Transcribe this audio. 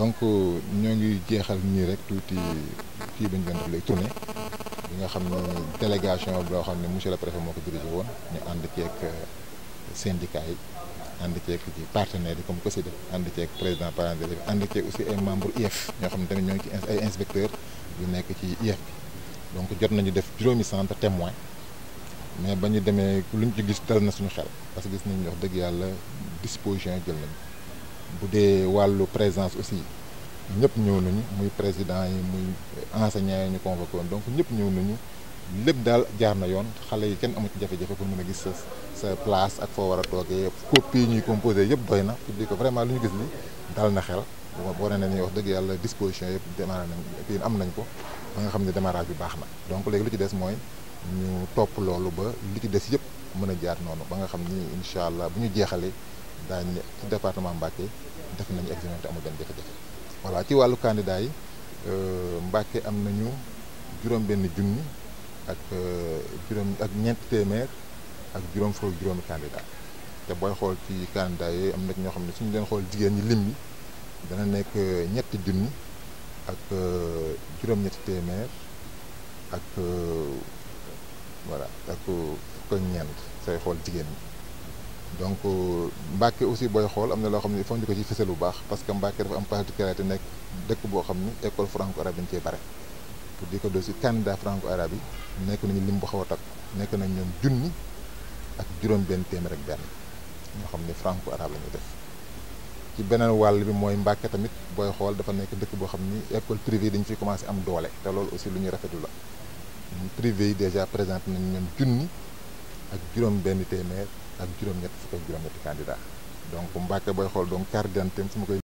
donc ñoo ngi jeexal nii rek tuuti kii bi ñu doon def léegi tournée bi nga xam ne délégation boo xam ne monsieur le préfet moo ko dirigé woon ñu ànd ceeg euh, syndicat yi ànd ceeg ci partenaire yi comme COSYDEP ànd ceeg président parent d'élève ànd ceeg aussi ay membres IEF ñoo xam ne tamit ñoo ngi ci ay inspecteurs yu nekk ci IEF donc jot nañu def juróomi centre témoin mais ba ñu demee lu ñu ci gis dal na suñu xel parce que gis nañu wax dëgg yàlla disposition jël nañu. bu dee wàllu présence aussi ñëpp ñëw nañu muy président yi muy enseignants yi ñu convoqué woon donc ñëpp ñëw nañu lépp daal jaar na yoon xale yi kenn amu ci jafe-jafe pour mën a gis sa sa place ak foo war a toogee copie yi ñuy composé yëpp doy na pour dire que vraiment lu ñu gis ni dal na xel war na ni wax dëgg yàlla disposition yëpp démarré nañ fii am nañ ko ba nga xam ne démarrage bi baax na donc léegi lu ci des mooy ñu topp loolu ba li ci des yëpp mën a jaar noonu ba nga xam ni incha allah bu ñu jeexalee daañu ci département Mbacké def nañu examen te amul benn jafe-jafe voilà ci wàllu candidat yi euh, Mbacké am nañu juróom benn junni ak euh, juróom ak ñeenti téeméer ak juróom fukk juróomi candidat te booy xool ci candidat yooyu am na ñoo xam ne suñu leen xool jigéen ñi lim bi dana nekk euh, ñetti junni ak juróom-ñetti téeméer ak voilà ak ak ñeent say xool jigéen ñi donc Mbàkke aussi booy xool am na loo xam ne foog ñu ko ci fësal bu baax parce que Mbàkke dafa am particularité nekk dëkk boo xam ni école franco arabe dañu cee bare pour ko doo si candidat franco arabe yi nekk nañu lim bu xaw a takk nekk nañ ñoom junni ak juróom-benn téeméer ak benn ñoo xam ne franco arabe la ñuy def ci beneen wàll bi mooy Mbàkke tamit booy xool dafa nekk dëkk boo xam ni école privée dañu fi commencé am doole te loolu aussi lu ñuy rafetlu la. privé yi déjà présenté nañu ñoom junni ak juróom benn téeméer ak juróom-ñett fukk ak juróom-ñetti candidat donc Mbacke booy xool donc carte d'identité su ma koy